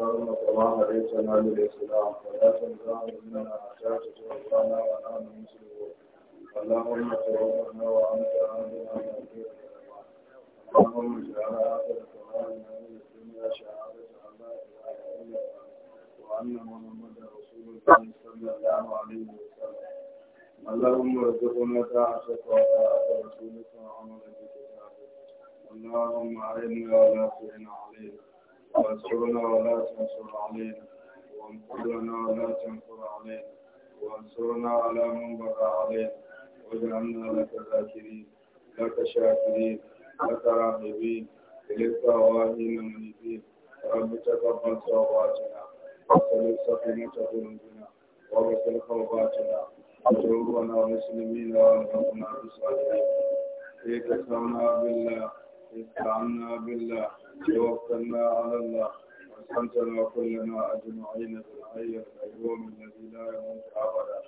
اللهم كما هديت لنا للاسلام فلا تنزعه منا حتى تتوفانا ونحن مسلمون اللهم توفنا وانت اهلنا من خير اللهم اجعل هذا القران من الدنيا شهاده ان لا اله الا انت وان محمدا رسولك صلى الله عليه وسلم اللهم ارزقنا طاعتك وطاعه رسولك وعملا بكتابك اللهم اعنا ولا تعن علينا وانصرنا ولا تنصر علينا وانصرنا ولا تنصر علينا وانصرنا على من بغى علينا واجعلنا لك ذاكرين لك شاكرين لك راغبين إليك واهين منيبين رب تقبل صلواتنا وصل سكينة قلوبنا وغسل خوفاتنا وجعلنا مسلمين وانفقنا بصالحين إيه استعنا بالله استعنا بالله توكلنا على الله وسلمتنا كلنا أجمعين بالحي القيوم الذي لا يموت أبدا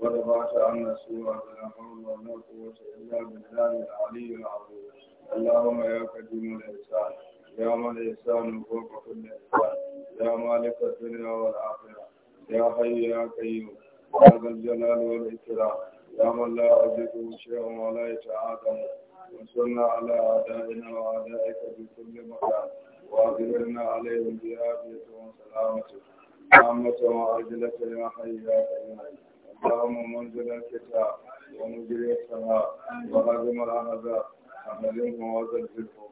ودفعت عنا سوء بلا حول ولا قوة إلا بالله العلي العظيم اللهم يا قديم الإحسان يا من الإحسان فوق كل إحسان يا مالك الدنيا والآخرة يا حي يا قيوم يا ذا الجلال والإكرام يا من لا أجده شيء ولا يتعاقبه وانصرنا على أعدائنا وأعدائك في كل مكان وأغفرنا عليهم بآبية وسلامة عامة وعجلة يا حي يا قيوم اللهم منزل الكتاب ومجري السماء وهزم الأحزاب أهزمهم وزلزلهم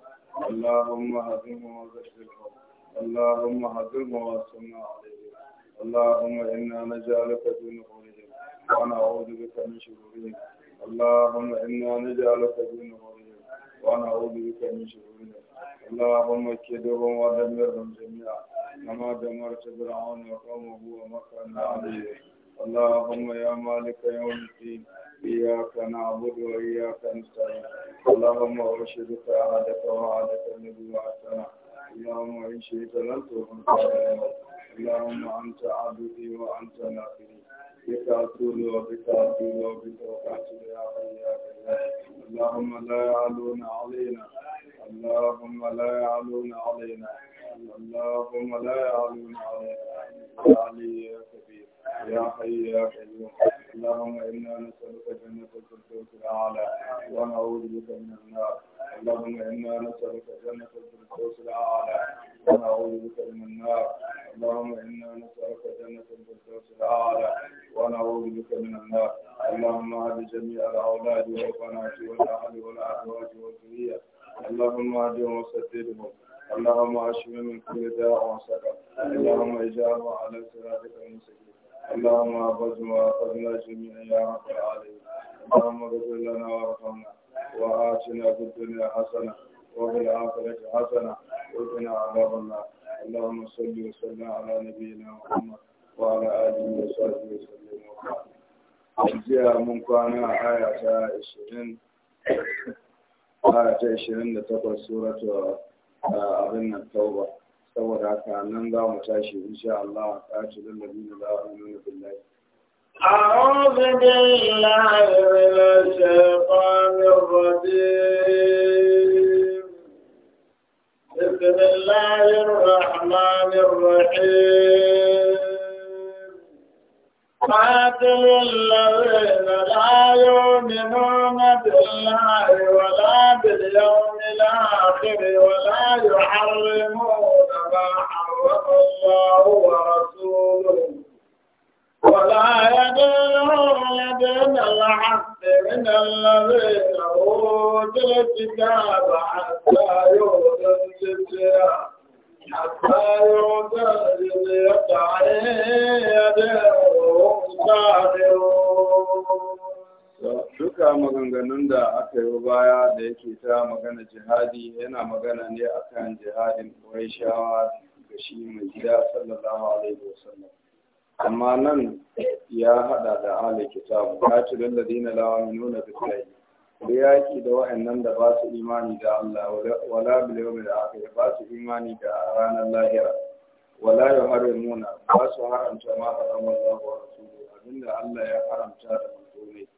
اللهم هزمهم وزلزلهم اللهم هزمهم وانصرنا عليهم اللهم إنا نجعلك في غيرهم ونعوذ بك من شرورهم اللهم إنا نجعلك في نورهم ونعوذ بك من شرورهم اللهم اكدهم ودمرهم جميعا كما دمرت فرعون وقومه ومكرنا عليه اللهم يا مالك يوم الدين إياك نعبد وإياك نستعين اللهم أرشدك عهدك وعهدك الذي وعدتنا اللهم إن شئت لن تغفر اللهم أنت عبدي وأنت ناصري بتأصيله وبتأصيله وبتوقعته يا حي يا قيوم اللهم لا يعلون علينا اللهم لا يعلون علينا اللهم لا يعلون علينا يا علي يا كبير يا حي يا قيوم اللهم إنا نسألك جنة الفردوس الأعلى ونعوذ بك من النار اللهم إنا نسألك جنة الفردوس الأعلى ونعوذ بك من النار اللهم إنا نسألك جنة الفردوس الأعلى ونعوذ بك من النار اللهم اهد جميع الأولاد والبنات والأهل والأزواج والذرية اللهم اهدهم وسددهم اللهم اشفهم من كل داء وسقم اللهم اجعله على صراطك المستقيم اللهم أخذنا وأخذنا جميعا يا رب العالمين اللهم اغفر لنا وارحمنا وآتنا في الدنيا حسنة وفي الآخرة حسنة وقنا عذاب النار اللهم صل وسلم على نبينا محمد وعلى آله وصحبه وسلم وبارك jiya mun kwana a aya ta 20 aya ta 28 suratu abin nan tauba saboda haka nan za mu tashi insha Allah qatilul ladina A yu'minuna billahi أعوذ بالله من الشيطان الرجيم بسم الله الرحمن الرحيم قاتل الذين لا يؤمنون بالله ولا باليوم الآخر ولا يحرمون ما حرم الله ورسوله ولا يدينهم لدين الحق من الذين أوتوا الكتاب حتى يؤتوا الجزية حتى يؤتوا الجزية عن يديهم Duka maganganun da aka yi baya da yake ta magana jihadi yana magana ne akan jihadin Qurayshawa da shi mai gida sallallahu alaihi wasallam. Amma nan ya hada da ahli kitabu, qatilul ladina la yu'minuna bil ghaibi. Da yaki da wa'annan da ba su imani da Allah wala da aka yi ba su imani da ranar lahira. Wala yuharrimuna ba su haramta ma haramta Allah wa rasuluhu da Allah ya haramta da mutumai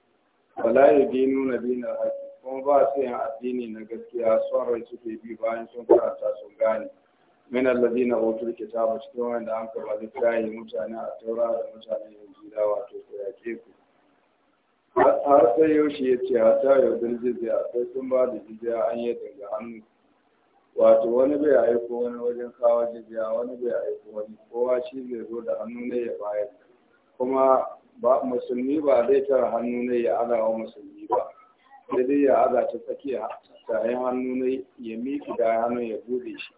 wala yadinu nabina haƙi kuma ba su yin addini na gaskiya son rai suke bi bayan sun karanta sun gane min alladhina utul kitaba cikin wanda an karba littafi mutane a taura da mutane jira wato ko yake ku har sai yaushe ya ce a ta yau bil jizya sai sun ba da jizya an yi daga hannu wato wani bai aiko wani wajen kawo jizya wani bai aiko wani kowa shi zai zo da hannu ne ya bayar kuma ba musulmi ba zai tara hannu ne ya ada wa musulmi ba sai dai ya ada ta tsakiya tayin hannu ne ya miki da hannun ya bude shi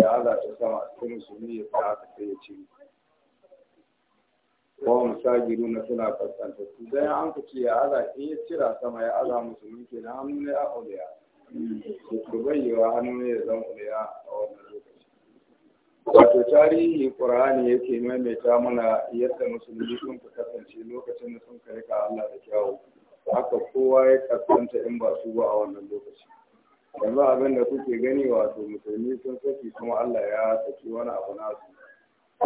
ya ada ta sama sai musulmi ya sa haka sai ya ce sa musagiru na suna fuskanta su dan an ka ce ya ada in ya cira sama ya ada musulmi ke da hannu ne a uliya to bayyawa hannu ne ya zan uliya a wannan lokaci wato tarihi qur'ani yake maimaita mana yadda musulmi sun kasance lokacin da sun kai ka Allah da kyau haka kowa ya kasance in ba su ba a wannan lokaci yanzu abin da kuke gani wato musulmi sun saki kuma Allah ya saki wani abu nasu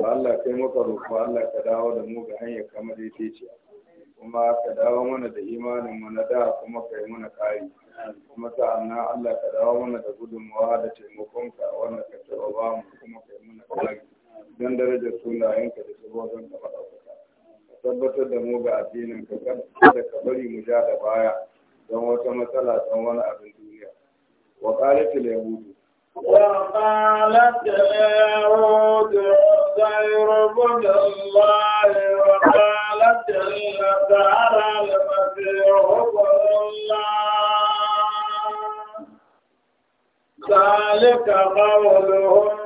ba Allah kai maka roƙo Allah ka dawo da mu ga hanyar kama ce, kuma ka dawo mana da imanin mu na da kuma kai mana kari kuma nan Allah ka dawo mana da gudunmuwa da taimakonka wanda ka taɓa ba mu kuma ka don darajar sunayenka da wajen ka maɗaukaka ka tabbatar da mu ga addinin ka kada ka bari mu ja da baya don wata matsala don wani abin duniya wa qalatil yahudu وقالت اليهود عزير بن الله وقالت النصارى المسيح بن الله ذلك قولهم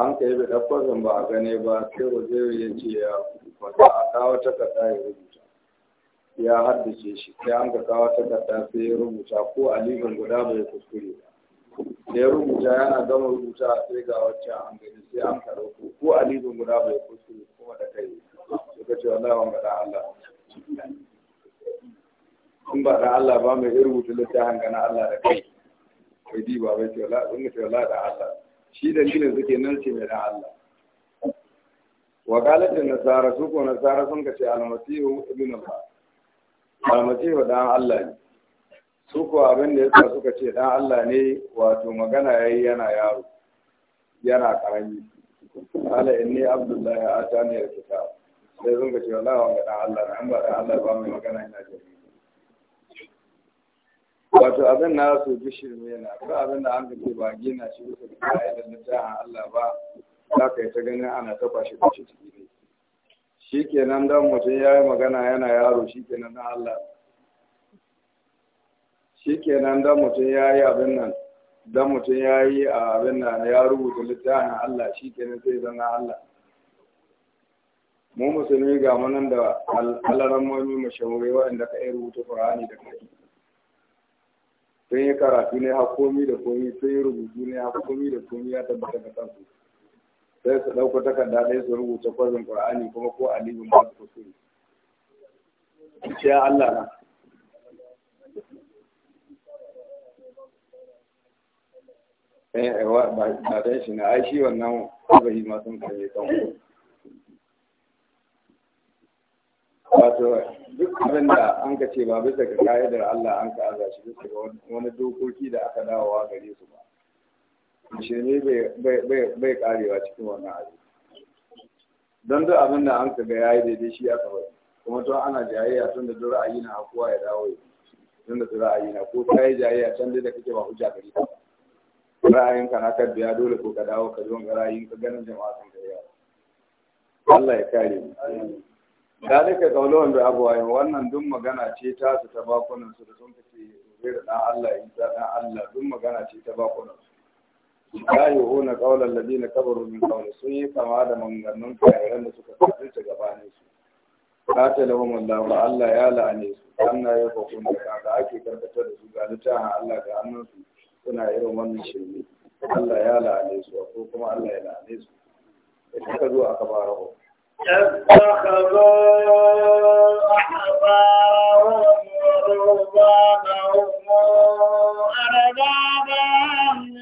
an ka yi da ɗaffazin ba a gane ba sai waje ya ce ya wata a kawo takarda ya rubuta ya haddace shi sai an ka kawo takarda sai ya rubuta ko alifin guda bai kuskure ba da ya rubuta yana gama rubuta sai ga wacce an gani sai an ka ɗauko ko alifin guda bai kuskure kuma da kai suka ce wallahi wanga da Allah in ba da Allah ba mai rubuta littafin gana Allah da kai kai di ba bai ce wallahi in ce da Allah shi da ne suke nan ce mai Allah wa na nasara su ko nasara sun kace almasihu ibnu Allah almasihu dan Allah ne su ko abin da yasa suka ce dan Allah ne wato magana yayi yana yaro yana karami ala inni abdullahi atani alkitab sai sun kace wallahi ga dan Allah na an ba dan Allah ba mai magana ina jami'a wato abin na su ji shirme yana ko abin da an kace ba gina shi bisa ga ka'idar na jahan Allah ba za ka yi ta ganin ana ta da kwashe ciki ne shi dan mutum ya yi magana yana yaro shi kenan na Allah shi dan mutum ya yi abin nan dan mutum ya yi abin nan ya rubuta littafin Allah shi sai zan Allah mu musulmi ga manan da alaramomi mami mashahurai waɗanda ka yi rubuta Qur'ani da kai sun yi karatu ne ha komi da komi sun yi rubutu ne ha komi da komi ya tabbata ga kansu sai su ɗauko takarda ɗaya su rubuta kwazin ƙur'ani kuma ko alibin ba su kusuri ya Allah na eh, eh ba dan shi na ai shi wannan ba yi ma sun kare wato duk abin da an ka ce ba bisa ga ka'idar Allah an ka aza shi bisa ga wani dokoki da aka dawowa gare su ba shi ne bai karewa cikin wannan abin don duk abin da an ka ga yayi daidai shi aka bari kuma to ana jayayya tun da duk ayi na kowa ya dawo ya tun da ayi na ko yi jayayya can dai da kake ba hujja gari ba ra'ayin ka na kan biya dole ko ka dawo ka zo ga ra'ayin ka ganin jama'a sun kai yawa Allah ya kare mu dalika kauluhum da abwain wannan duk magana ce ta su ta bakunan da sun fice zai da dan Allah Isa dan Allah duk magana ce ta bakunan su la yuhuna qawla na kabaru min kaula sun yi kama da maganganun kayan da suka kafirta gabanin su qatalahum Allah Allah ya la'ane su dan ya fakun da ka ake karkatar da su ga littafin Allah ga hannunsu su suna irin wannan shirme Allah ya la'ane su ko kuma Allah ya la'ane su da suka zo aka bara اتخذوا أحبارهم ورهبانهم أربابا من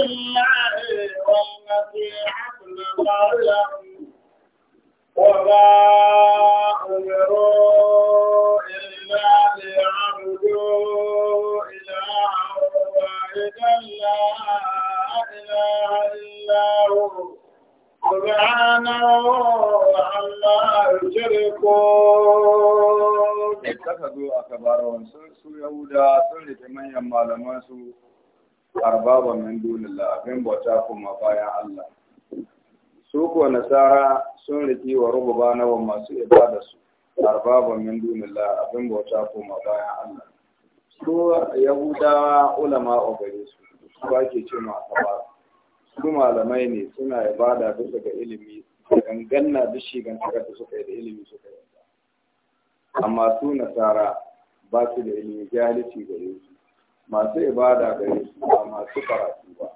الله والمسيح ابن وما أمروا إلا ليعبدوا إلها واحدا لا إله إلا هو سبحانه عما يشركون اتخذوا أكبارهم سلسوا يهودا سلسوا manyan arbaba min dunillah abin bauta kuma bayan Allah su nasara sun riki wa rubba wa masu da su arbaba min dunillah abin bauta kuma bayan Allah su yahudawa ulama obare su su ake ce ma su malamai ne suna ibada bisa ga ilimi ganganna duk shigantakar da suka yi da ilimi suka yi amma su nasara ba su da ilimi jahilci ga su masu ibada ga su ba masu karatu ba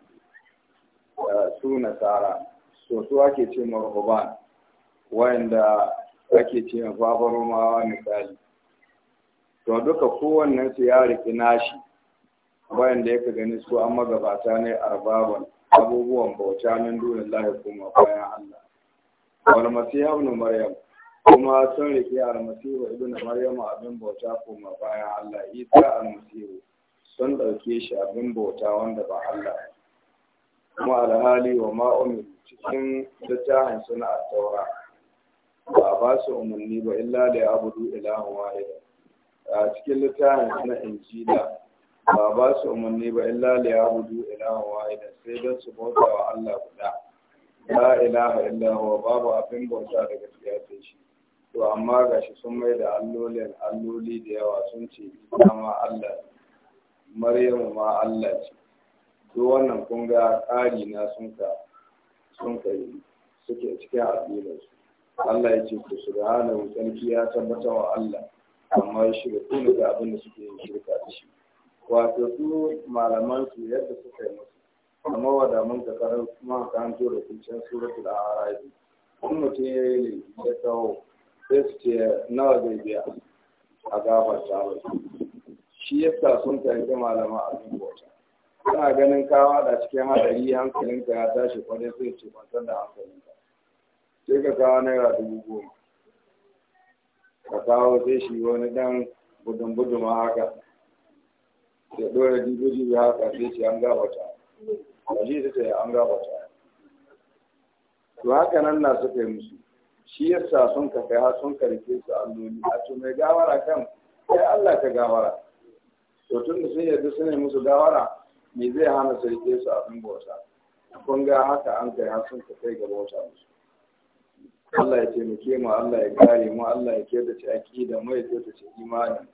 eh, su nasara so su ake ce marhuban wanda ake ce babar romawa misali to duka kowannen su ya riƙi nashi wayanda yaka gani su an magabata ne arbabon abubuwan bauta dole Allah lahi koma bayan Allah. Walmasiya ibn Maryam kuma sun riƙe almasihu ibn Maryam abin bauta koma bayan Allah Isa Masih sun ɗauke shi abin bauta wanda ba Allah Kuma alhali wa ma'umin cikin littafin suna a taura ba ba su umarni ba illa da ya abudu ilahu wahida. A cikin littafin suna injila ba ba su umarni ba illa li ya ilaha wahida sai don su bauta wa Allah guda la ilaha illa huwa babu abin bauta daga siyasar shi to amma gashi sun mai da allolin alloli da yawa sun ce ita Allah Maryamu ma Allah ce to wannan kun ga ƙari na sun ka sun ka yi suke cikin addinin su Allah ya ce ku subhanahu tsarki ya tabbata wa Allah amma shirku ne abin da suke yin shirka da shi wato su malaman su yadda suka yi musu amma wada mun ka karar kuma ka hanto da kuncin da arabi kun mutum ya yi ne ya kawo sai su ce nawa zai biya a gafarta mai shi sun karbi malaman abin ganin kawa da cikin hadari hankalinka ya tashi kwarai sai ce kwantar da hankalinka sai ka kawo naira dubu goma ka kawo sai shi wani dan budun buduma haka ya ɗora digoji ya haka sai ce an gabata ji ta ce an gabata to haka nan na suka yi musu shi yasa sun ka kai har sun karfe su alloli a to mai gawara kan sai Allah ka gawara to tun da sun yadda sun yi musu gawara me zai hana su rike su abin bauta kun ga haka an kai har sun ka kai ga bauta musu Allah ya taimake mu Allah ya kare mu Allah ya kyautace aqida mu ya kyautace imani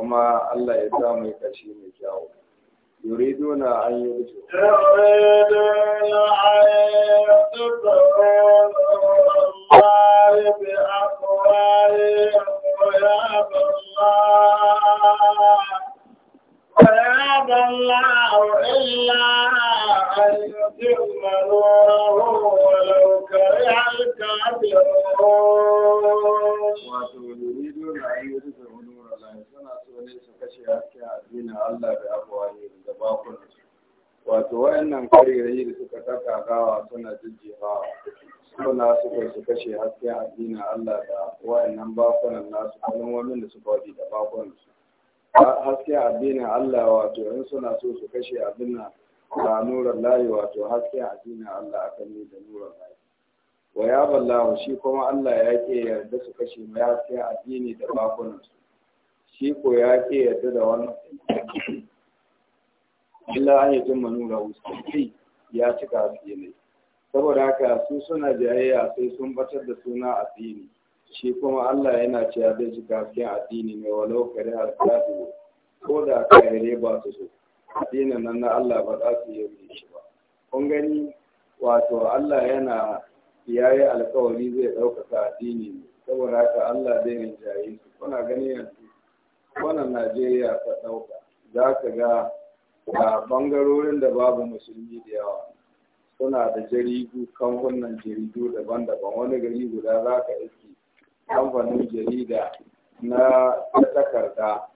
kuma Allah ya sa mu kashi mai kyawu يريدون أن يرجعوا يريدون أن يتبعوا الله بأقوالهم ويأبى الله ويأبى الله إلا أن يتم نوره ولو كره الكافرون يريدون أن يرجعوا domin su kashe haske a duniya Allah bai abuwa ne da bakunan su wato wayannan karirayi da suka saka gawa suna jijjihawa suna suka su kashe hasken addinin Allah da wayannan bakunan nasu wani da suka wadi da bakunan su hasken addinin Allah wato in suna so su kashe abin nan da nuran layi wato hasken addinin Allah akan ne da nuran layi wa ya ballahu shi kuma Allah ya ke yarda su kashe mai hasken addini da bakunan su shi ko ya ke yadda da wannan illa an yi jin manura wasu ya cika haske ne saboda haka su suna jayayya sai sun batar da suna addini shi kuma Allah yana cewa zai ji gaskiyan addini mai walau kare alƙadu ko da kare ba su so Dina nan na Allah ba za su yi shi ba kun gani wato Allah yana yayi alƙawari zai ɗaukaka addini ne saboda haka Allah zai rinjaye su kuna gani yanzu wannan najeriya ta ɗauka za ka ga a bangarorin da babu musulmi da yawa suna da jaridu kamfanin jaridu daban-daban wani gari guda za ka iske kamfanin jarida na takarda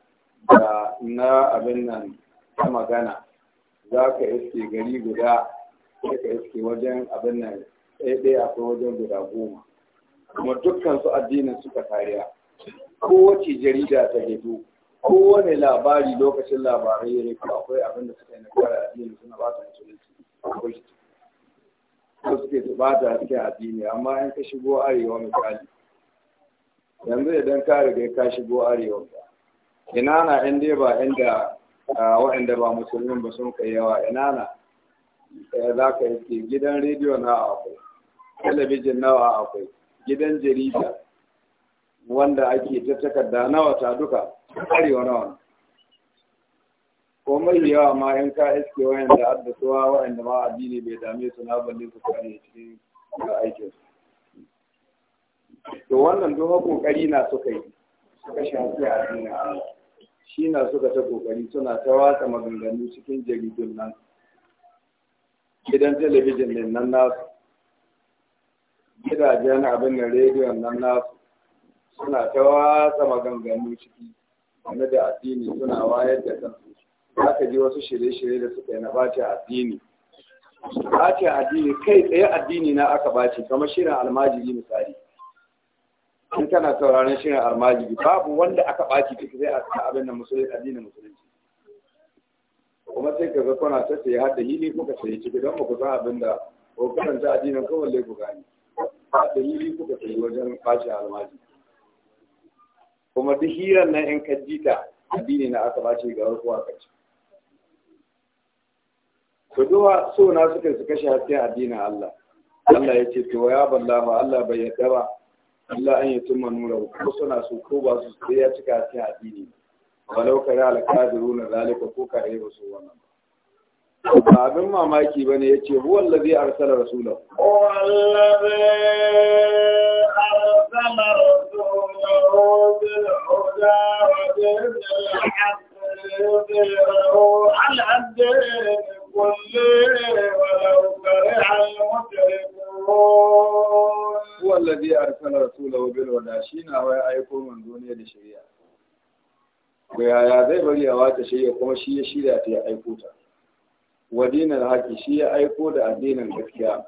da na abin nan ta magana za ka iske gari guda sai ka iske wajen abin nan ɗaya akwai wajen guda goma kuma dukkan su addinin suka kariya kowace jarida ta gido kowane labari lokacin labarai ya rufe akwai abin da suka yi na kare addini suna ba ta musulunci akwai su suke su ba ta haske addini amma in ka shigo arewa misali yanzu idan ka riga ka shigo arewa ina na yan dai ba inda waɗanda ba musulmin ba sun kai yawa ina na eh, za ka yi gidan rediyo na akwai talabijin nawa akwai gidan jarida wanda ake ta takarda nawa ta duka arewa nawa ko mai yawa ma 'yan ka iske wayan da addasuwa wayan da ma addini bai dame su na balle su kare cikin aikin su to wannan duk kokari na suka yi suka shafi addinin Allah shi na suka ta kokari suna ta watsa maganganu cikin jaridun nan gidan talabijin din nan nasu gidajen abin da rediyon nan nasu suna ta watsa maganganu ciki game da addini suna wayar da kansu aka ji wasu shirye-shirye da suka yi na bace addini bace addini kai tsaye addini na aka bace kamar shirin almajiri misali in kana sauraron shirin almajiri babu wanda aka bace duk zai a abin da musulunci addinin musulunci kuma sai ka ga kuna ta sai har da hili kuka sai ciki don ba ku san abin da ko karanta addinin kawai ku gani da hili kuka sai wajen bace almajiri kuma duk hirar nan in ka jita addini na aka bace ga rukuwa kaci to duwa so na suka su kashe hasken addinin Allah Allah ya ce to ya ballahu Allah bai yarda ba Allah an yatimma nura ko suna so ko ba su sai ya cika hasken addini walau kare alkadiruna zalika ko kare ba su wannan ba abin mamaki ba ne ya ce huwan a arsala rasula Huwan lazi arsala rasulahu bil wada shi na waya aiko manzo da shirya. Ga yaya zai bari a wata shirya kuma shi ya shirya ta ya aiko ta. wadinar haƙi shi ya aiko da addinin gaskiya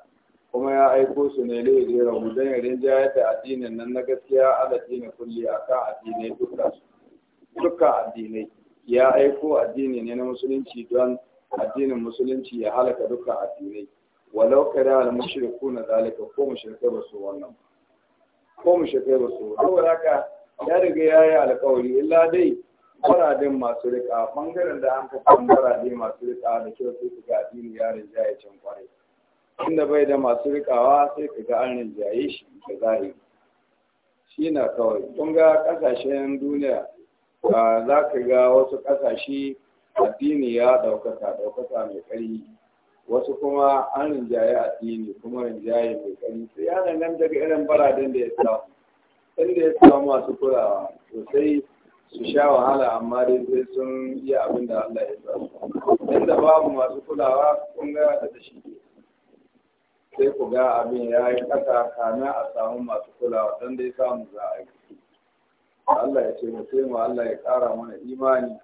kuma ya aiko su ne lai jera don ya rinjayar yadda addinin nan na gaskiya ala dinin kulli a kan addinai dukkan addinai ya aiko addini ne na musulunci don addinin musulunci ya halaka dukkan addinai walau kada al mushriku na zalika ko mushrikai ba su wannan ko mushrikai ba su saboda haka ya riga ya yi alƙawari illa dai fararen masu rika bangaren da an kafa farare masu rika da kyau sai ka ga addini ya rinjaye can kwarai inda bai da masu rikawa sai ka ga an rinjaye shi ka zahi shi na kawai kun ga kasashen duniya za ka ga wasu kasashe addini ya ɗaukaka ɗaukaka mai ƙari wasu kuma an rinjaye addini kuma rinjaye mai ƙari sai ya nan daga irin baradin da ya samu inda ya samu masu kulawa sosai su sha wahala amma dai sai sun yi abin da Allah ya sa inda babu masu kulawa kun ga da shi sai ku ga abin ya yi kasa kana a samu masu kulawa don dai samu za a yi Allah ya ce mu mu Allah ya ƙara mana imani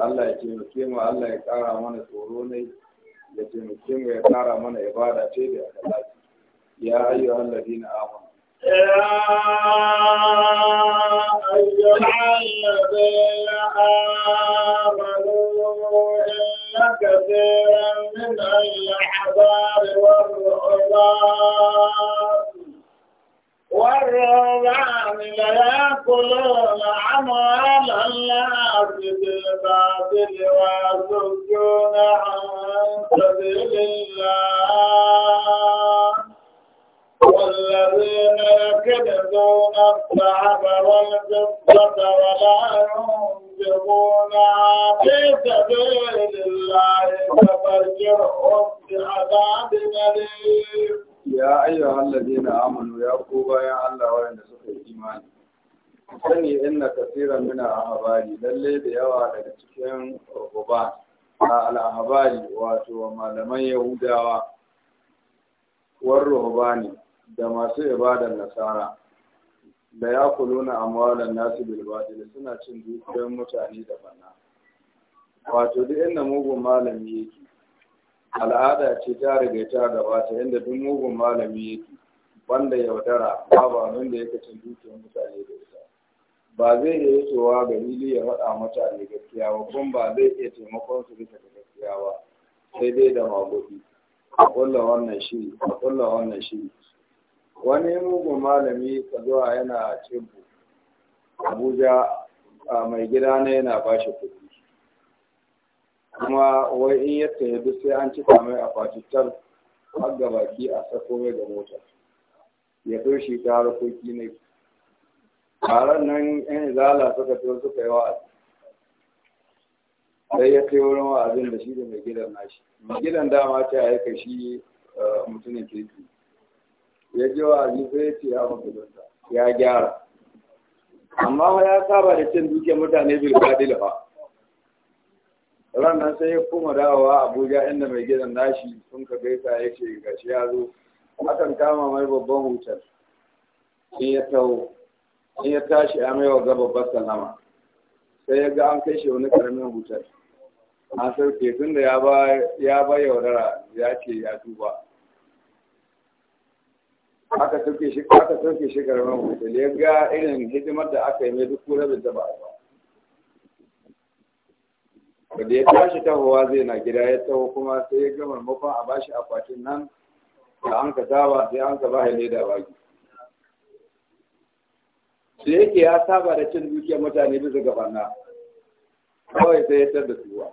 Allah ya ce mu mu Allah ya ƙara mana tsoro ne ya ce mu ya ƙara mana ibada ce da ya ya ayyuhan ladina amanu يا أيها الذين آمنوا إن كثيرا من الأحبار والرهبان والرهبان ليأكلون أموال الناس بالباطل ويصدون عن سبيل الله والذين يكذبون الذهب والفضة ولا ينفقونها في سبيل الله فبشرهم بعذاب أليم يا أيها الذين آمنوا يا قوبا يا الله وين سكر الإيمان sani inna kasiran min al-ahbari lalle da yawa daga cikin ruba al-ahbari wato malaman yahudawa war ruhbani da masu ibadan nasara da ya kuluna amwalan nasu bilbatil suna cin dukiyar mutane da bana wato duk inda mugun malami yake al'ada ce ta riga ta gabata inda duk mugun malami yake wanda yaudara babu abin da yake cin dukiyar mutane da ita ba zai iya yatowa ga hili ya faɗa mutane gaskiya ba kuma ba zai iya taimakon su bisa da gaskiya ba sai dai da magudi a kulla wannan shiri a kulla wannan shiri wani mugun malami ka zuwa yana mu. abuja a mai gida na yana ba shi kuɗi kuma wai in ya tsaye sai an cika mai a har ga baki a sako mai da mota ya doshi ta harkoki ne taron nan yan izala suka to suka yi wa'azi sai ya kai wurin wa'azin da shi da mai gidan nashi mai gidan dama ta aika shi eh, mutumin kirki ya ji wa sai ya ce ya musulunta ya gyara amma ya saba da cin duke mutane bil ba fa ranar sai ya kuma dawowa abuja inda mai gidan nashi sun ka gaisa ya ce gashi ya zo akan kama mai babban hutar in ya taho in ya tashi a mai waga babbar salama sai ya ga an kai shi wani karamin hutar an sauke tun da ya ba yaudara ya ce ya duba aka sauke shi aka sauke shi garban hotel ya ga irin hidimar da aka yi mai duk kura da ba ba da ya tashi tahowa zai na gida ya taho kuma sai ya gama mafan a bashi akwatin nan da an ka saba sai an ka bashi leda baki da yake ya saba da cin dukiyar mutane bisa ga kawai sai ya tar da tuwa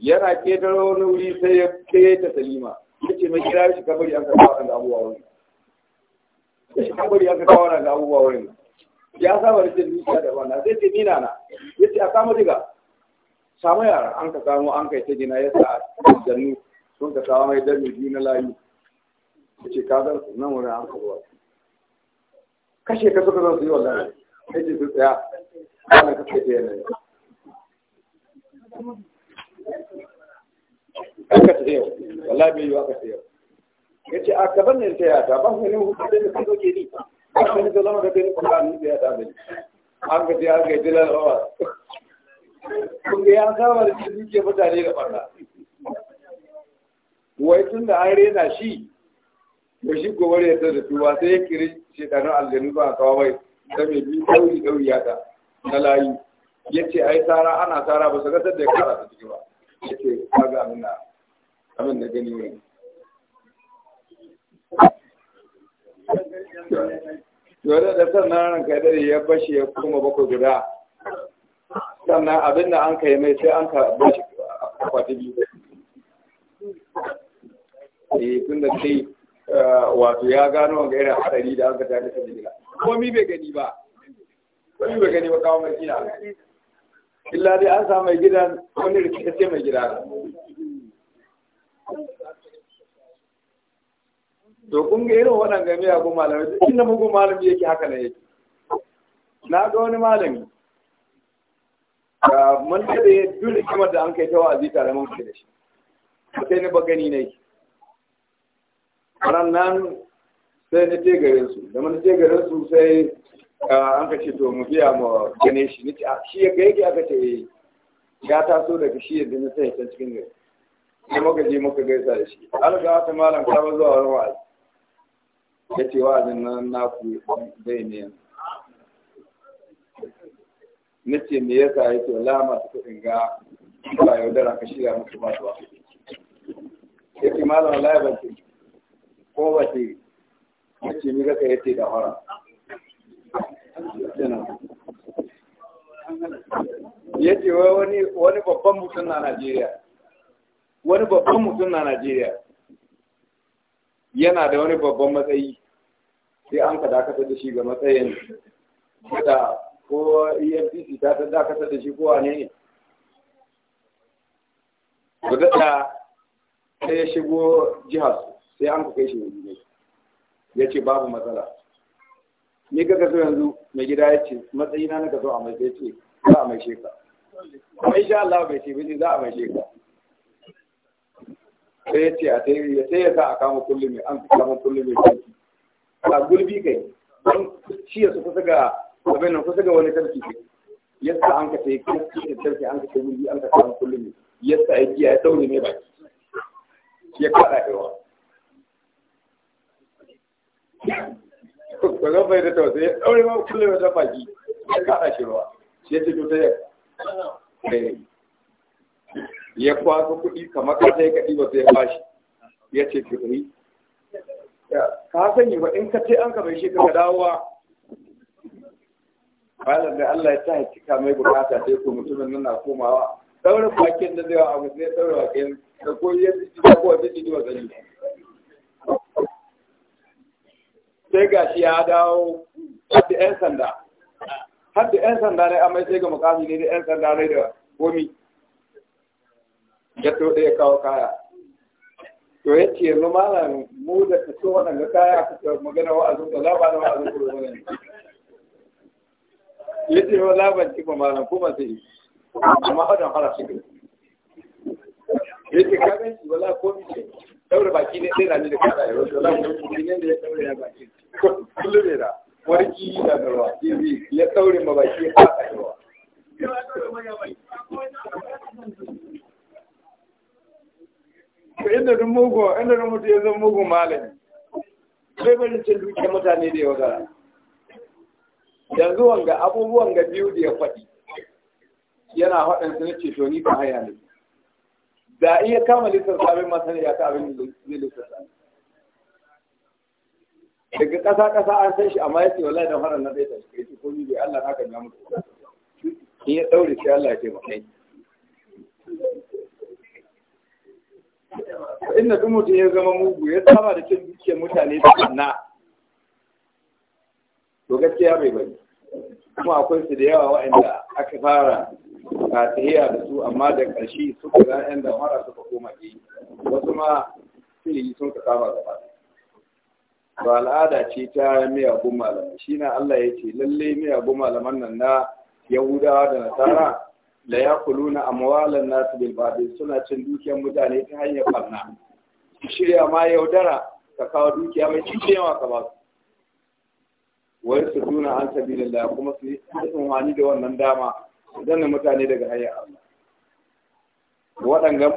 yana ƙetare wani wuri sai ya kai ta salima ya ce mai kira shi kabari an kawo da abubuwa wani shi kabari an kawo da abubuwa wani ya saba da jin nisa da wannan zai ce nina na ya ce a samu diga samu yara an ka samu an kai ta gina ya sa jannu sun ka samu mai dami biyu na layu ya ce kazar nan wurin an kawo kashe ka suka zan su yi wannan ya ce su tsaya ana kashe ta yanayi aka ta yau wallahi bai yi aka ta yau ya ce a kaban ne ta yata ban sanin hukumar da kan ke ni Ba sanin ne zama da ta yi kuma ni ta yata bai an ga ta ga jila rawa kun ga ya saba da shi ke mutane da barna wai tun da an rena shi to shi gobe ya ta da tuwa sai ya kiri shekarun aljanu ba a kawo mai ta mai bi ɗauri ɗauri ya ta na layi ya ce ai tsara ana tsara ba su gasar da ya kara ta ciki ba ya ce ba kaga amina abin da gani ne Yau da sannan ranka dare ya bashi ya kuma bako guda sannan abin da an kai mai sai an ka bashi kwati biyu eh tun da sai eh, wato ya gano wanga irin hadari da aka tafi da jigila komi bai gani ba komi bai gani ba kawo mai gida illa dai an samu mai gidan wani sai mai gida to kun ga irin waɗanda miyagun malamai duk inda mugu malami yake haka na yake na ga wani malami mun da ya dole kimar da an kai ta wa'azi tare mun da shi sai ni ba gani ne nan sai na je gare su da mun je gare su sai an ka ce to mu biya mu gane shi ni shi ya ga yake aka ce eh, ya taso daga shi yadda na sai can cikin gari sai muka je muka gaisa da shi alga ta malam ka ba zuwa wani ya ce wa'azin nan naku ne na me yasa ya ce wala masu ga ba yaudara ka shirya musu ba su ba ya malam wallahi ban ko ba ce ya ni kaka ya ce da ya ce wani babban mutum na Najeriya wani babban mutum na Najeriya yana da wani babban matsayi sai an ka dakatar da shi ga matsayin da ko EFCC ta ta dakatar da shi ko wane ne ku daɗa sai ya shigo jihar sai an ka kai shi wani ne ya ce babu matsala ni ka kaso yanzu mai gida ya ce Matsayi na kaso a mai sai ce za a mai sheka. Amma insha Allah bai ce bai za a mai sheka. sai ya ce a ta yi sai ya sa a kama kullum mai an fi kama kullum mai sarki a gulbi kai don shi ya su kusa ga abin nan kusa ga wani sarki yadda an ka sai kirki da sarki an ka sai gulbi an ka kama kullum mai yadda ya giya ya daure mai baki ya kada kaiwa ba zan bai da tausayi ya daure ma kullum mai baki ya kada shi ruwa shi ya ce to kai yadda ya kwaso kuɗi kamar kasa ya kaɗi ba sai ya bashi ya ce tuɗi ka sani ba in ka ce an ka bai shi ka dawowa malam da Allah ya ta ya cika mai bukata sai ko mutumin nan na komawa daura bakin da zai wa abu sai daura bakin da ko ya ji ba ko da ji ba zai sai gashi ya dawo har da yan sanda har da yan sanda ne amai sai ga mukami ne da yan sanda ne da komi ya da ya kawo kaya to ya ce mu malam mu da ka so waɗanda kaya ka magana wa ba da ba na wa'azin ko ne ya ce wa laban ki ba malam kuma sai amma hadan fara shi ya ce ka ganci wala ko ce daura baki ne sai rani da kada ya rasu wala ko ne da ya daura ya baki kullu ne da warki da garwa ya daure ma baki ya ma baki. inda da mugu inda da mutu yanzu mugu malin sai bari cin dukiyar mutane da yaudara yanzu wanga abubuwan ga biyu da ya faɗi yana faɗin sun ce to ni ba haya ne da iya kama listar sabin ne ya ta abin da zai sabin daga ƙasa ƙasa an san shi amma ya ce wallahi dan haran na zai shi kai ko ni bai Allah haka ya mutu in ya daure sai Allah ya kai. inda duk mutum ya zama mugu ya saba da cin dukiyar mutane sannan to gaskiya bai bari kuma akwai su da yawa waɗanda aka fara ka tahiya da su amma da ƙarshe suka ga ƴan da mara suka koma ke wasu ma yi sun ka da gaba ba al'ada ce ta miyagun malamai shi na Allah ya ce lalle miyagun malaman nan na Yahudawa da Nasara la yakuluna amwalan nas bil batil suna cin dukiyar mutane ta hanyar barna shirya ma yaudara ka kawo dukiya mai yawa ka ba su wai su duna an da kuma su yi tsunhani da wannan dama su danna mutane daga hanyar Allah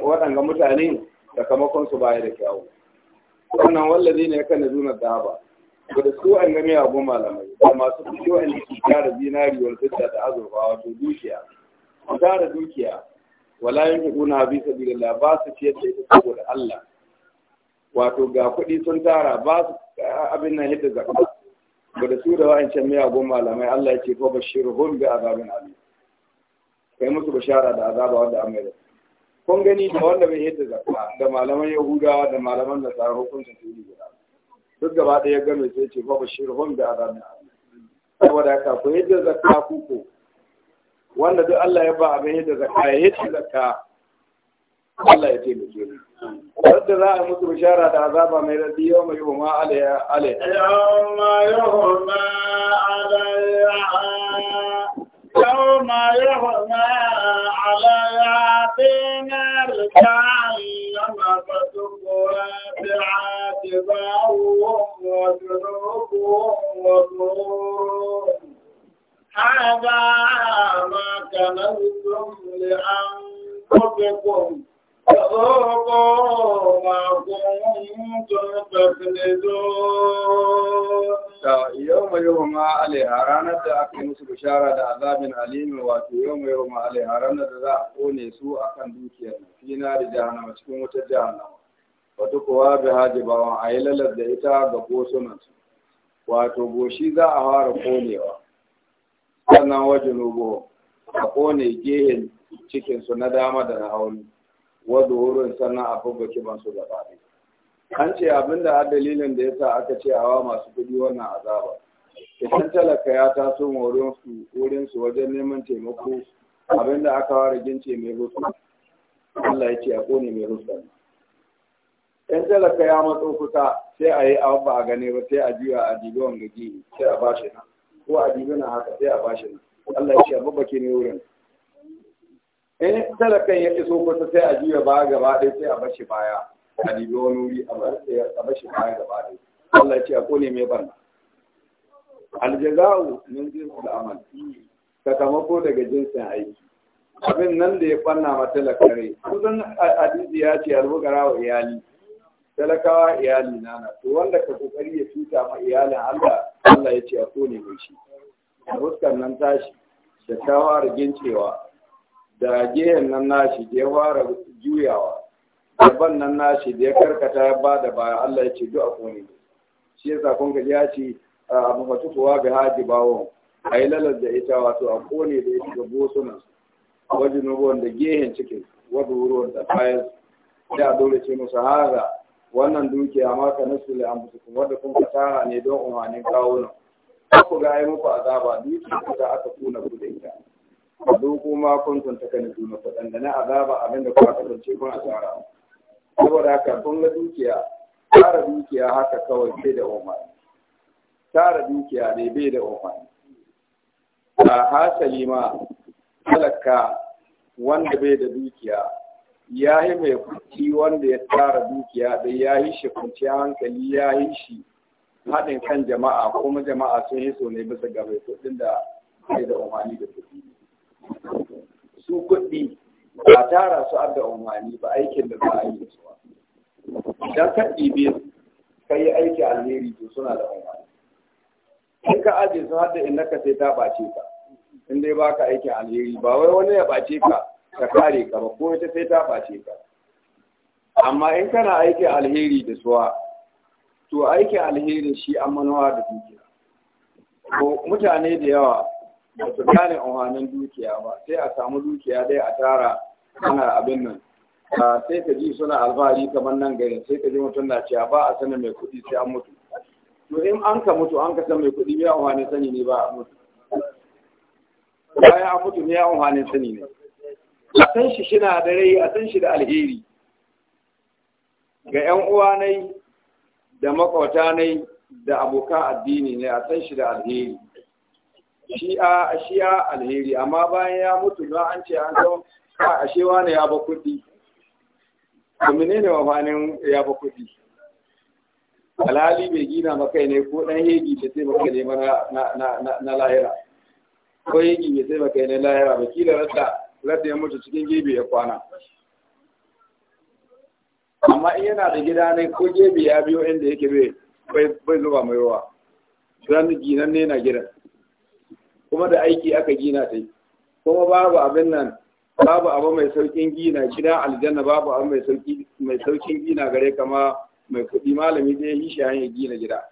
waɗanga mutane sakamakon su baya da kyawu wannan wallazi ne yakan zuna daba da su an gami abu malamai da masu fito an gyara zinari wal da azurfa wato dukiya ku tara dukiya wala yunfiquna fi sabilillah ba su ciyar da ita saboda Allah wato ga kuɗi sun tara ba su abin nan yadda zaka ba da su da wa'ancan miyagun malamai Allah ya ce fa bashiruhum bi azabin alim kai musu bashara da azaba wanda an mai kun gani da wanda bai yadda zaka da malaman yahuda da malaman nasara hukuncin su ne guda duk gaba ɗaya game sai ce fa bashiruhum bi azabin alim saboda ka ku yadda zaka ku ko wanda duk Allah ya ba abin yadda zakka ya yi zakka Allah ya taimake mu wadda za a mutu bishara da azaba mai radi yau mai huma alaya alaya yau mai huma alaya yau mai huma alaya binar jahannama fatukura bi'atibahum wa junubahum wa zuruhum هذا ما كنتم لأنفسكم فذوقوا ما كنتم تكذبون يوم يوم عليها رانا da aka musu bishara da azabin alimi wato yawma yawma alaiha ranar da za a kone su akan dukiyar fina da jahannama cikin wutar jahannama wato kuwa bi hajibawa a yi lalar da ita ga gosunan wato goshi za a fara konewa sannan wajen rubo a kone gehen cikinsu na dama da na hauni wadda wurin sannan a fuga kibansu da ɗaya an ce abin da dalilin da ya sa aka ce awa masu kuɗi wannan azaba idan talaka ya taso wurin su wajen neman taimako abin da aka ware gince mai rusu Allah ya ce a kone mai rusu in talaka ya matso kusa sai a yi abu ba a gane ba sai a juya a jibi gaji sai a bashi nan ko a dibi na haka sai a bashi Allah ya ce amma bake ne wurin eh talakan ya iso kusa sai a juya ba gaba ɗaya sai a bashi baya a dibi wani wuri a bashi eh, baya gaba ɗaya Allah ya ce a kone mai ban aljaza'u min jinsil amal sakamako daga jinsin aiki abin nan da ya fanna ma talakare kusan hadisi ya ce albugara wa iyali talakawa iyali nana to wanda ka kokari ya cuta ma iyalin Allah Allah ya ce a kone mai shi da fuskar nan tashi da ta fara gincewa da gehen nan nashi da ya fara juyawa ban nan nashi da ya karkata ya bada baya Allah ya ce duk a kone shi sa kun ga ya ce a mafatuwa ga haji bawon a yi lalar da ita wato a kone da ita ga bosunan wajen ruwan da gehen cikin wadda ruwan da bayan da dole ce musu haza wannan dukiya ma ka nasu li anfusikum wanda kun ka tara ne don umarnin kawuna ku ga yi muku azaba dukiya da aka kuna ku da ita duku ma na takanituna kudan da na azaba abinda ku aka kace kun asara saboda haka kun ga dukiya tara dukiya haka kawai sai da umarni tara dukiya ne bai da umarni a hasali ma talaka wanda bai da dukiya ya yi mai kuɗi wanda ya tara dukiya dai ya yi shi kwanciyar hankali ya yi shi haɗin kan jama'a kuma jama'a sun yi so ne bisa ga mai kuɗin da sai da umarni da kuɗi su kuɗi ba tara su an da umarni ba aikin da ba a yi su ba idan ka ɗibe ka yi aiki alheri to suna da umarni in ka aje su haɗa in naka sai ta ɓace ka in dai ba ka aikin alheri ba wai wani ya ɓace ka ta kare ka ba ko ita sai ta face ka amma in kana aiki alheri da suwa to aiki alheri shi an manawa da dukiya ko mutane da yawa ba su gane amfanin dukiya ba sai a samu dukiya dai a tara ana abin nan sai ka ji suna alfahari kamar nan gari sai ka ji mutum na cewa ba a sanin mai kuɗi sai an mutu to in an ka mutu an ka san mai kuɗi ya amfanin sani ne ba a mutu bayan an mutu ya amfanin sani ne a san shi shina da rai a san shi da alheri ga ƴan uwa nai da makwata nai da abokan addini ne a san shi da alheri shi'a shi'a alheri amma bayan ya mutu ba an ce an san ka ashewa ne ya ba kuɗi to menene wafanin ya ba kudi alhali bai gina maka ne ko dan hegi da sai maka ne na na na lahira ko hegi bai sai maka ne lahira ba kila rasa ladda ya mutu cikin gibi ya kwana amma in yana da gida ne ko gibi ya biyo inda yake bai zuba mai ruwa don ginan ne na gidan kuma da aiki aka gina ta yi kuma babu abin nan babu abu mai saukin gina gida aljanna babu abu mai sauki mai saukin gina gare kama mai kuɗi malami dai yi shi hanyar gina gida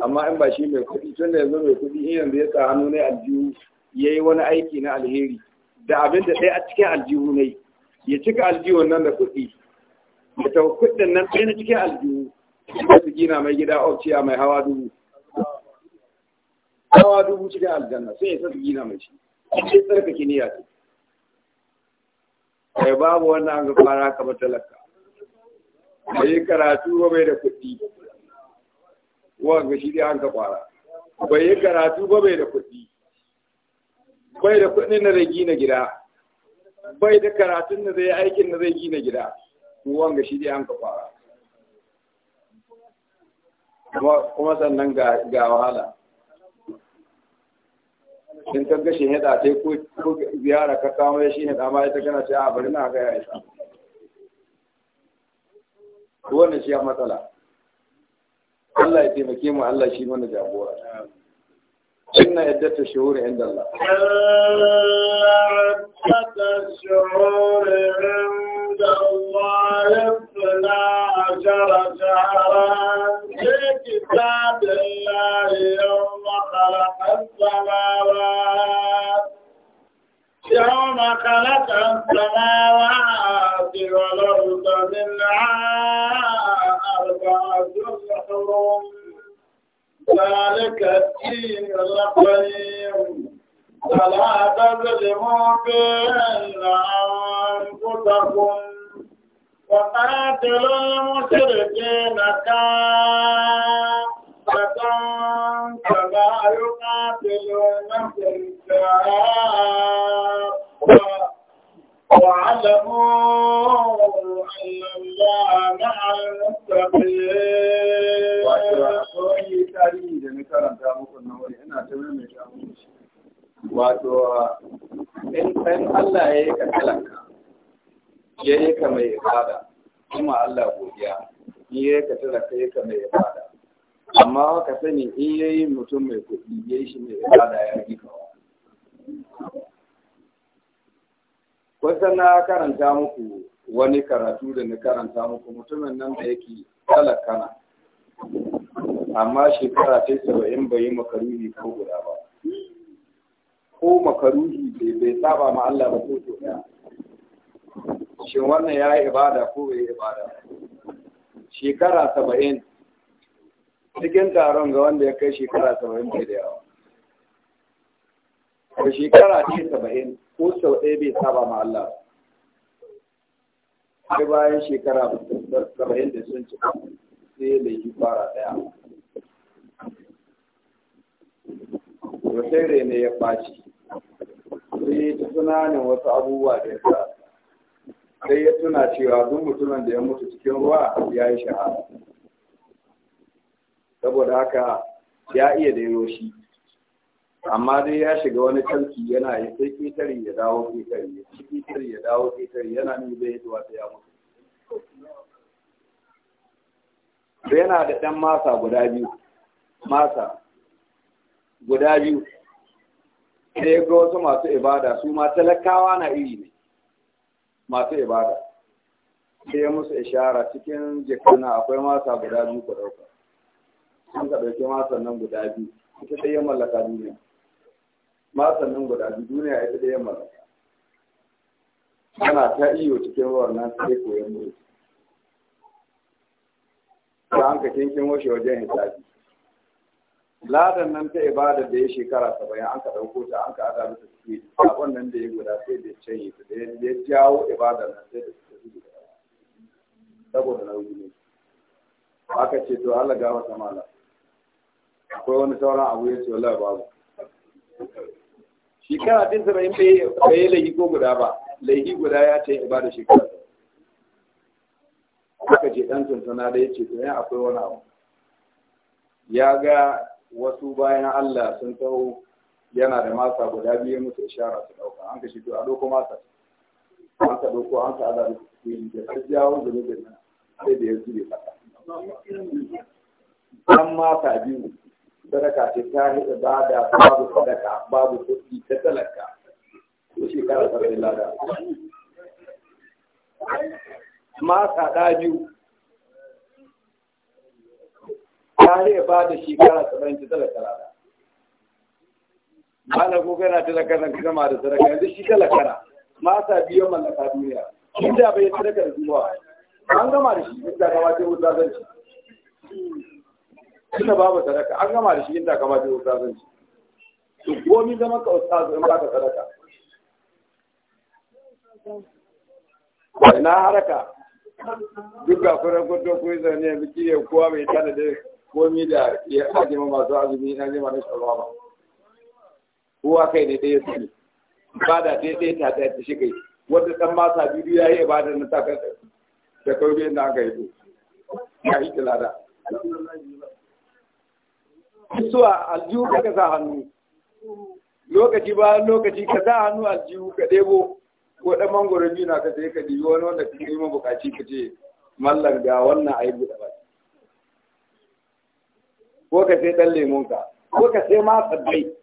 amma in ba shi mai kuɗi tun da yanzu mai kuɗi in yanzu ya sa hannu ne aljihu ya yi wani aiki na alheri da abin da ɗaya a cikin aljihu ne ya cika aljihu nan da kuɗi da ta kuɗin nan ɗaya na cikin aljihu da su gina mai gida ofciya mai hawa dubu hawa dubu cikin aljanna sai ya sa su gina mai shi sai tsarkake niyya ce kai babu wannan an ga fara kamar talaka bai karatu ba bai da kuɗi wanga shi dai an ka fara bai yi karatu ba bai da kuɗi bai da kudin da zai gina gida bai da karatun da zai aikin da zai gina gida wanga shi dai an ka fara kuma sannan ga wahala in ka ga hada sai ko ziyara ka kama ya hada ma ita kana ce a bari na ga ya isa wannan shi ya matsala Allah ya taimake mu Allah shi mana jagora إن عدة الشهور عند الله إن عدة الشهور عند الله اثنا عشر شهرا في كتاب الله يوم خلق السماوات يوم خلق السماوات والأرض منها ذلك الدين القيم فلا تظلموا فيهن أنفسكم وقاتلوا المشركين كافة كما يقاتلونكم كافة واعلموا الله مع المتقين وأتوني تاريخ نكرم تابوك النوري أنا تمام يا wato in Allah ya yi ka talaka ya yi ka mai ibada kuma Allah godiya in ya yi ka talaka ya ka mai ibada amma haka sani in ya yi mutum mai kuɗi ya yi shi mai ibada ya yi kawo kusan na karanta muku wani karatu da na karanta muku mutumin nan da yake talakana amma shekara ta saba'in bai yi makaruhi ko guda ba ko makaruhi bai saba ma Allah ba ko to ɗaya shin wannan ya yi ibada ko bai yi ibada shekara saba'in cikin taron ga wanda ya kai shekara saba'in bai da yawa da shekara ce saba'in ko sau ɗaya bai saba ma Allah sai bayan shekara saba'in da sun cika sai da yi fara daya wasere ne ya faci sai ta tunanin wasu abubuwa da ya sa sai ya tuna cewa duk mutumin da ya mutu cikin ruwa ya yi shahada saboda haka ya iya da shi amma dai ya shiga wani kalki yana yi sai ƙetare ya dawo ƙetare ya ci ƙetare ya dawo ƙetare yana ni zai yi wata ya mutu to yana da ɗan masa guda biyu masa guda biyu sai ga wasu masu ibada su ma talakawa na iri ne masu ibada sai musu ishara cikin jikana akwai masa guda biyu ku ɗauka sun ka ɗauki masa nan guda biyu ita ɗaya mallaka duniya masannin guda biyu duniya ita da yamma ana ta iyo cikin ruwan nan sai koyon mutu ta an ka kinkin washe wajen hisabi ladan nan ta ibada da ya shekara saba'in an ka ɗauko ta an ka ada mata suke sabon nan da ya guda sai da canye ta da ya jawo ibada nan sai da suke suke saboda nauyi ne aka ce to Allah ga wata mala akwai wani sauran abu ya ce wallahi babu shekara din saba'in bai yi laihi ko guda ba laihi guda ya ce da shekara aka ce ɗan tuntuna da ya ce to ya akwai wani abu ya ga wasu bayan Allah sun taho yana da masa guda biyu musu ishara su ɗauka an ka shi to a doko masa an ka doko an ka ala da kuɗi da ta jawo zunubin nan sai da ya zube kasa an masa biyu sadaka ce ta yi ibada babu sadaka babu kuɗi ta talaka ko shekara sabbin lada masa da biyu ta yi ibada shekara sabbin ta talaka lada ana ko kana talaka nan ka ma da sadaka yanzu shi talaka na masa biyu mallaka duniya inda bai sadaka da zuwa an gama da shi inda da gaba wuta zan ci tunda babu sadaka an gama da shi inda ka ba ta ustazanci to komi zama ka ustazu in baka sadaka ina haraka duk ga kuren kudu ku zaune yanzu kiyaye kowa mai tana da komi da ya ma masu azumi na jima na shawarwa ba kowa kai ne ɗaya ne ba da ɗaya ɗaya ta ta ta shi kai wanda ɗan masa biyu ya yi ibadar na takar da kauye na aka yi to ya yi tilada zuwa, aljihu ka sa hannu lokaci ba lokaci ka sa hannu aljihu ka ɗebo ko ɗan mangoro biyu na ka sai ka ɗibi wani wanda ka yi mabukaci ka ce mallar ga wannan a yi buɗe ba ko ka sai ɗan ka ko ka sai ma sabbai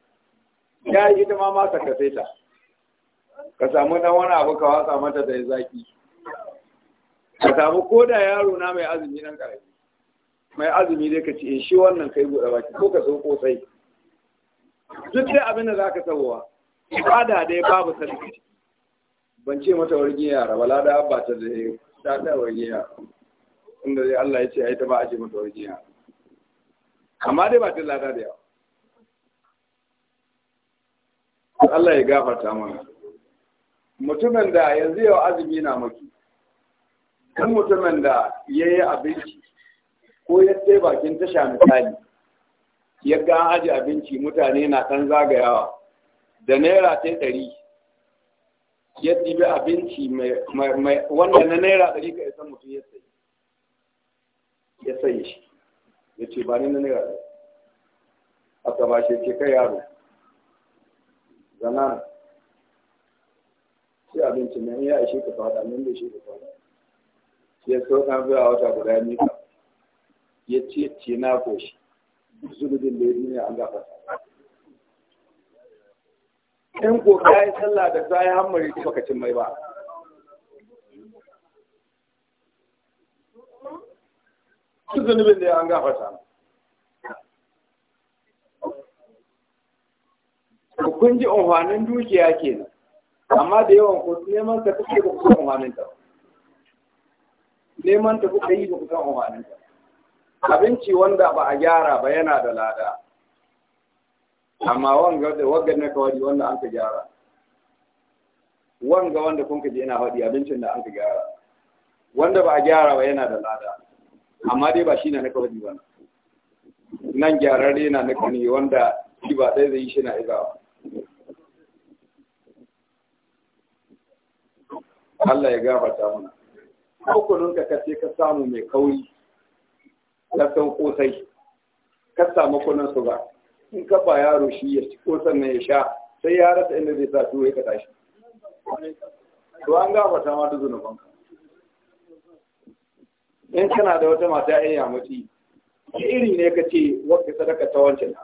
ya yi ita ma masa ka sai ta ka samu ɗan wani abu ka wasa mata da zaki ka samu ko da yaro na mai azumi nan ƙarfi mai azumi dai ka ce eh, shi wannan kai buɗe baki ko ka sau sai duk dai abin da za ka sabuwa ibada dai babu sarki ban ce mata wargi yara wala da ba ta da ta da wargi yara inda dai Allah ya ce ai ta ba a ce mata wargi yara amma dai ba ta lada da yawa Allah ya gafarta mana mutumin da yanzu yau azumi na maki kan mutumin da ya yi abinci ko ya sai bakin tasha misali ya ga an aji abinci mutane na ɗan zagayawa da naira ta ɗari ya ɗibi abinci mai wanda na naira ɗari ka isa mutum ya sai ya sai shi ya ce ba ni na naira ɗari A ba shi ce kai yaro zana sai abinci mai iya ishe ka fada nan da shi ka fada ya sauka biya wata guda ka. ya ce ce na koshi zunubin da ya duniya an gafa in ko ka yi sallah da a yi hammari ta baka mai ba su zunubin da ya an gafa ta kun ji amfanin dukiya kenan amma da yawan ku neman ka kuke ba ku san ta neman ta kuka yi ba ku san ta abinci wanda ba a gyara ba yana da lada amma wanga da wanga na wanda an ka gyara wanga wanda kun ka je yana faɗi abincin da an ka gyara wanda ba a gyara ba yana da lada amma dai ba shi na na wadi ba nan gyararre na na ne wanda shi ba ɗaya zai yi shi na izawa Allah ya gafarta mana. Hukunin ka kace ka samu mai kauri ka san kosai ka samu kunan su ba in ka ba yaro shi ya ci kosan na ya sha sai ya rasa inda zai sa tuwo ya ka tashi to an gafarta ma da zunuban in kana da wata mata yan yamuci iri ne ka ce wakka sadaka ta wancan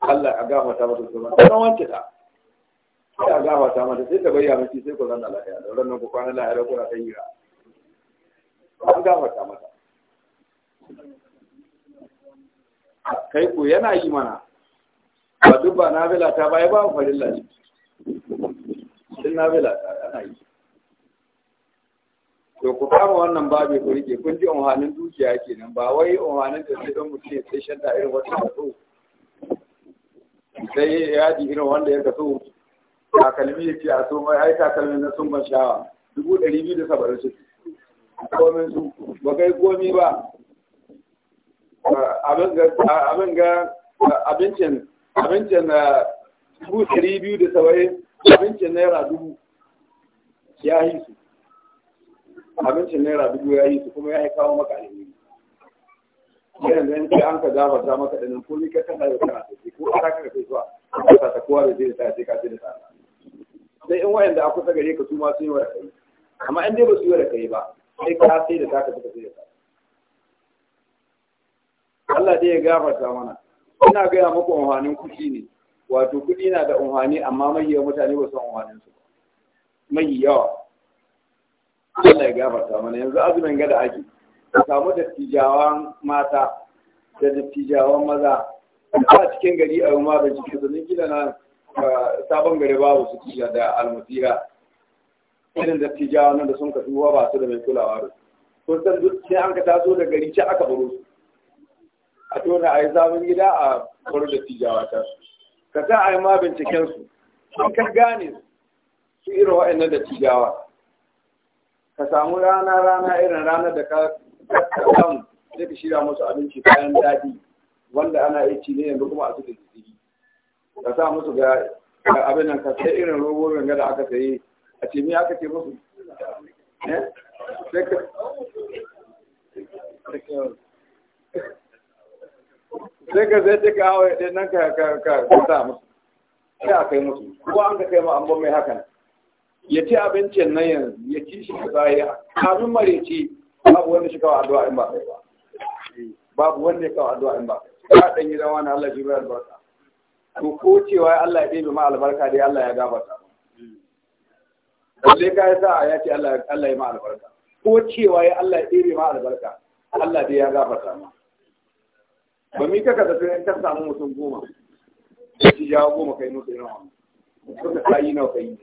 Allah a gafarta mata zunuban ta wancan ta sai a gafarta mata sai ta bayyana mata, sai ku zanna lafiya da ranar ku kwana lafiya da kuna ta yi an gafarta mata kai ko yana yi mana ba duk ba nafila ta ba ya ba farilla ne din nafila ta yana yi to ku kama wannan babu ku rike kun ji unhanin dukiya nan ba wai unhanin da sai don mutum ya sai shanta irin wata da so sai ya ji irin wanda ya kaso takalmi ya ce a so mai ai takalmi na sun ban shawa dubu ɗari biyu da saba'in su komin su ba kai komi ba Eh, abin ga eh, eh, abincin abincin na dubu biyu da saba'in abincin naira dubu ya yi su abincin naira dubu ya yi su kuma ya yi kawo maka alheri yanar da yanki an ka gafarta maka ɗanin ko ni ka kana da kana tafi ko ana ka kai zuwa ka ta kowa da zai ta sai ka ce da ta sai in wayanda a kusa gare ka su ma sun yi wa da kai amma in dai ba su yi wa kai ba sai ka sai da ta ka suka sai da ta Allah dai ya gafarta mana ina gaya muku umhanin kuɗi ne wato kuɗi na da umhani amma mai yawa mutane ba su umhanin su mai yawa Allah ya gafarta mana yanzu azumin gada ake ka samu dattijawan mata da dattijawan maza a cikin gari a yamma da cikin su gida na sabon gari babu su tiya da almasira irin dattijawan nan da sun kasuwa ba su da mai kulawa da kun san duk sai an ka taso da gari ci aka baro su a tona a yi zaben gida a kwaro da tijawa ta ka sa a yi ma bincikensu sun ka gane su irin wa'annan da tijawa ka samu rana rana irin rana da ka samu sai ka shirya musu abinci bayan daɗi wanda ana yi ci ne yanzu kuma a suka jiri ka sa musu ga abin nan ka sai irin robobin ganga da aka sayi a ce me aka ce musu eh? sai ka sai ka zai ka hawa ya nan ka sa musu sai a kai musu ko an ka kai ma an mai hakan ya ci abincin nan yanzu ya ci shi ka zaya kamin ci. babu wanda shi kawo addu'a in ba kai ba babu wanda ya kawo addu'a in ba kai ba dan gidan wani Allah shi bai albarka to ko cewa Allah ya ɗebe ma albarka dai Allah ya gabata ka yi sa'a ya ce Allah ya ma albarka ko cewa ya Allah ya ɗebe ma albarka Allah dai ya gabata ma ba mi kaka da tunan ta samun mutum goma da ci jawo goma kai nuka irin wani suka sayi nawa kai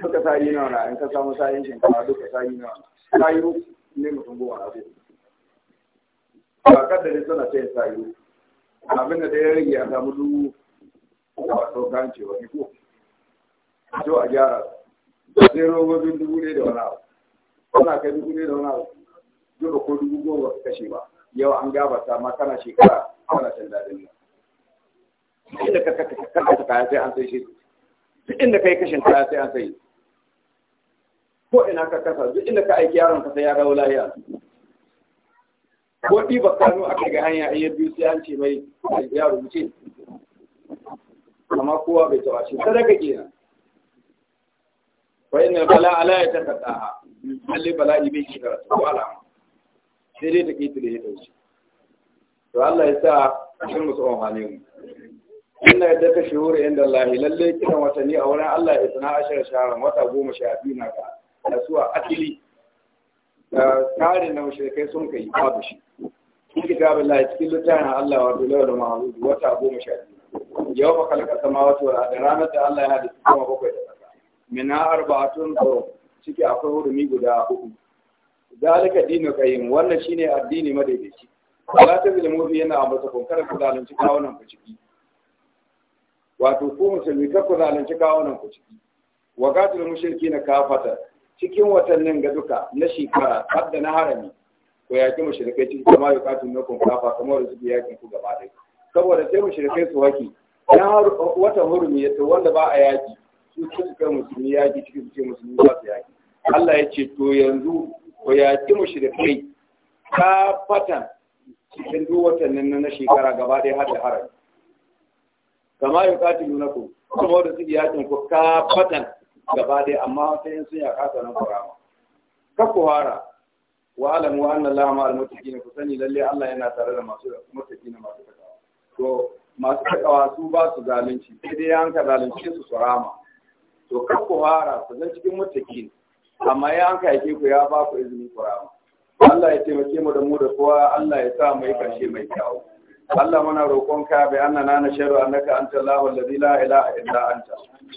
suka sayi nawa na in ka samu sayin shinkawa duka sayi nawa sayi ne mutum goma na goma ba kaddare suna sayin sayi abin da ya rage a samu dubu a wato kanci ni ko a to a gyara da. sai rogobin dubu ne da wani abu Suna kai dubu ne da wani abu duka ko dubu goma kashe ba yau an gabata ma kana shekara kana shan daɗin nan inda ka kasa kaya sai an sai shi duk inda ka yi kashin kaya sai an sai ko ina ka kasa duk inda ka aiki yaron ka sai ya dawo lahiya ko ba kano a kai ga hanya a biyu sai an ce mai ya ce amma kowa bai taɓa shi sadaka kenan Wai inna bala ala ya takaddaha lalle bala bai shi karatu ko alama sai dai ta ƙi da ita wuce to Allah ya sa cikin musu amfani mu inna yadda ka wuri inda Allah lalle kiran watanni a wurin Allah ya sana ashar sharan wata goma sha biyu na ka da suwa asili karin na mushrikai sun kai babu shi cikin kitabin Allah cikin littafin Allah wato da mahmud wata goma sha biyu yau ka kalka samawati wa da ranar da Allah ya hada kuma bakwai da ƙasa mina arba'atun ciki akwai hurumi guda uku. zalika dinu qayyim wannan shine addini madaidaici ta tazlimu fi yana ambata kun kada ku zalunci kawunan ku ciki wato ku musulmi kada ku zalunci kawunan ku ciki wa qatil na kafata cikin watannin ga duka na shekara har da na harami ko ki mushrikai cikin kuma ya qatil na kun kafa kamar da ya yakin ku gaba dai saboda sai mushrikai su haki na wata hurumi yato wanda ba a yaki su suka musulmi yaki cikin cikin musulmi ba su yaki Allah ya ce to yanzu ko ya da mushrikai ka fatan cikin duk watannin na shekara gaba ɗaya har da haram kama ya kati nuna ku kuma da suke yakin ku ka fatan gaba ɗaya amma sai in sun ya kasa nan kurama ka ku fara wa alamu anna Allah ma al-muttaqin ku sani lalle Allah yana tare da masu muttaqin masu takawa to masu takawa su ba su zalunci sai dai an ka su surama to ka ku fara su zan cikin muttaqin amma ya an kai ku ya ba ku izini ku Allah ya taimake mu da mu da kowa Allah ya sa mu yi karshe mai kyau Allah muna roƙonka bai nana na sharu annaka anta Allahu allazi la ilaha illa anta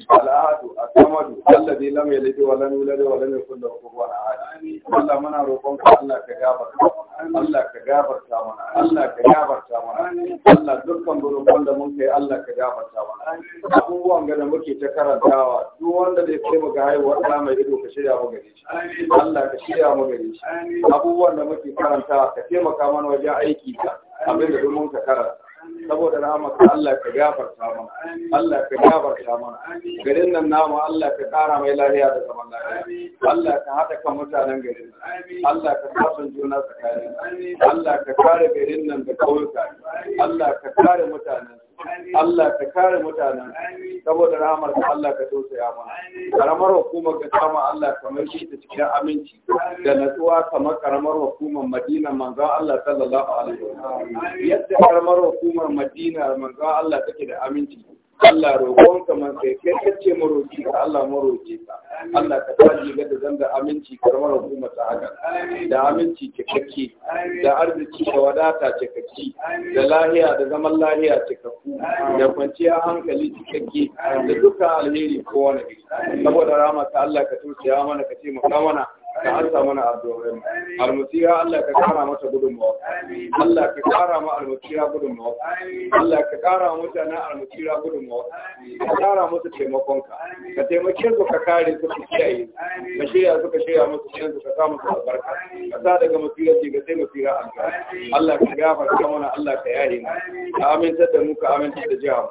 al-ahadu as-samadu allazi lam yalid wa lam yulad wa lam yakul lahu kufuwan ahad Allah muna roƙonka Allah ka gafarta Allah ka gafarta mana Allah ka gafarta mana Allah dukkan gurbin da mun kai Allah ka gafarta mana abubuwan da muke ta karantawa duk wanda zai kai mu ga haihuwar ɗa mai ido ka shirya mu gare shi Allah ka shirya mu gare shi abubuwan da muke karantawa ka taimaka mana wajen aiki ka abin da domin ka kara saboda rahmaka Allah ka gafarta mana Allah ka gafarta mana garin nan namu Allah ka kara mai lafiya da zaman lafiya Allah ka hada kan mutanen garin nan Allah ka kasan juna tsakanin Allah ka kare garin nan da kauyuka Allah ka kare mutanen Allah ka kare mutanen saboda rahmar ka Allah ka tausaya mana karamar hukumar ka kama Allah kamar mai shi ta cikin aminci da natsuwa kamar karamar hukumar Madina manzo Allah sallallahu alaihi wasallam yadda karamar hukumar Madina manzo Allah take da aminci Allah roƙon ka man sai kai kace mu roƙi ka Allah mu roƙe ka Allah ka tashi ga da zanga aminci karamar hukuma ta haka da aminci ke cikakke da arziki da wadata kake da lahiya da zaman lahiya kake da kwanciya hankali cikakke da duka alheri ko wani saboda rahama ta Allah ka turciya mana ka ce mu mana ka ansa mana addu'o'in almasiha Allah ka kara mata gudunmawa Allah ka kara ma almasiha gudunmawa Allah ka kara ma mutane almasiha gudunmawa ka kara musu taimakonka ka taimake su ka kare su ka kiyaye ka shirya su ka shirya musu kiyan su ka sa musu albarka ka sa daga masira ce ka sai masira albarka Allah ka gafarta mana Allah ka yare mu ka aminta da mu ka aminta da jiha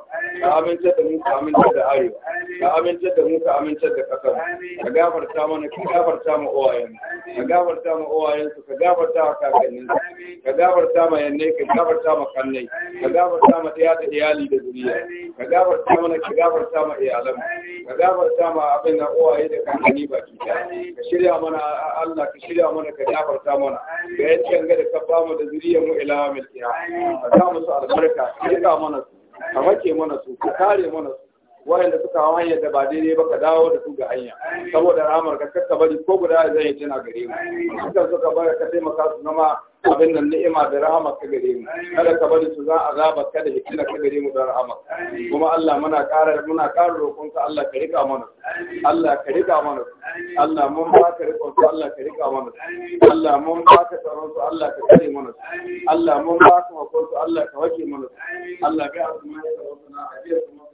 ka aminta da mu ka aminta da arewa ka aminta da mu ka aminta da kasar ka gafarta mana ka gafarta mu uwa uwayen ka gafarta ma uwayen su ka gafarta ma kakannin su ka gafarta ma yanne ka gafarta ma kannai ka gafarta ma ɗaya da iyali da zuriya ka gafarta mana ka gafarta ma iyalan ka gafarta ma abin na uwaye da kakanni ba ɗaya ka shirya mana Allah ka shirya mana ka gafarta mana ga yankin ga da ka ba mu da zuriyar mu ila mil kiyama ka sa musu albarka ka rika mana su ka make mana su ka kare mana su wayanda suka hau hanyar da ba daidai ba ka dawo da su ga hanya saboda ramar ka kakka bari ko guda zai yi tana gare mu suka suka bari ka taimaka su zama abin nan ni'ima da rahama ka gare mu kada ka bari su za azaba ka da hikima ka gare mu da rahama kuma Allah muna ƙara muna ƙara roƙon ka Allah ka rika mana Allah ka rika mana Allah mun ba ka riƙon su Allah ka rika mana Allah mun ba ka tsaron su Allah ka kare mana Allah mun ba ka hakon su Allah ka wake mana Allah ka asuma ka tsaron su na ajiyar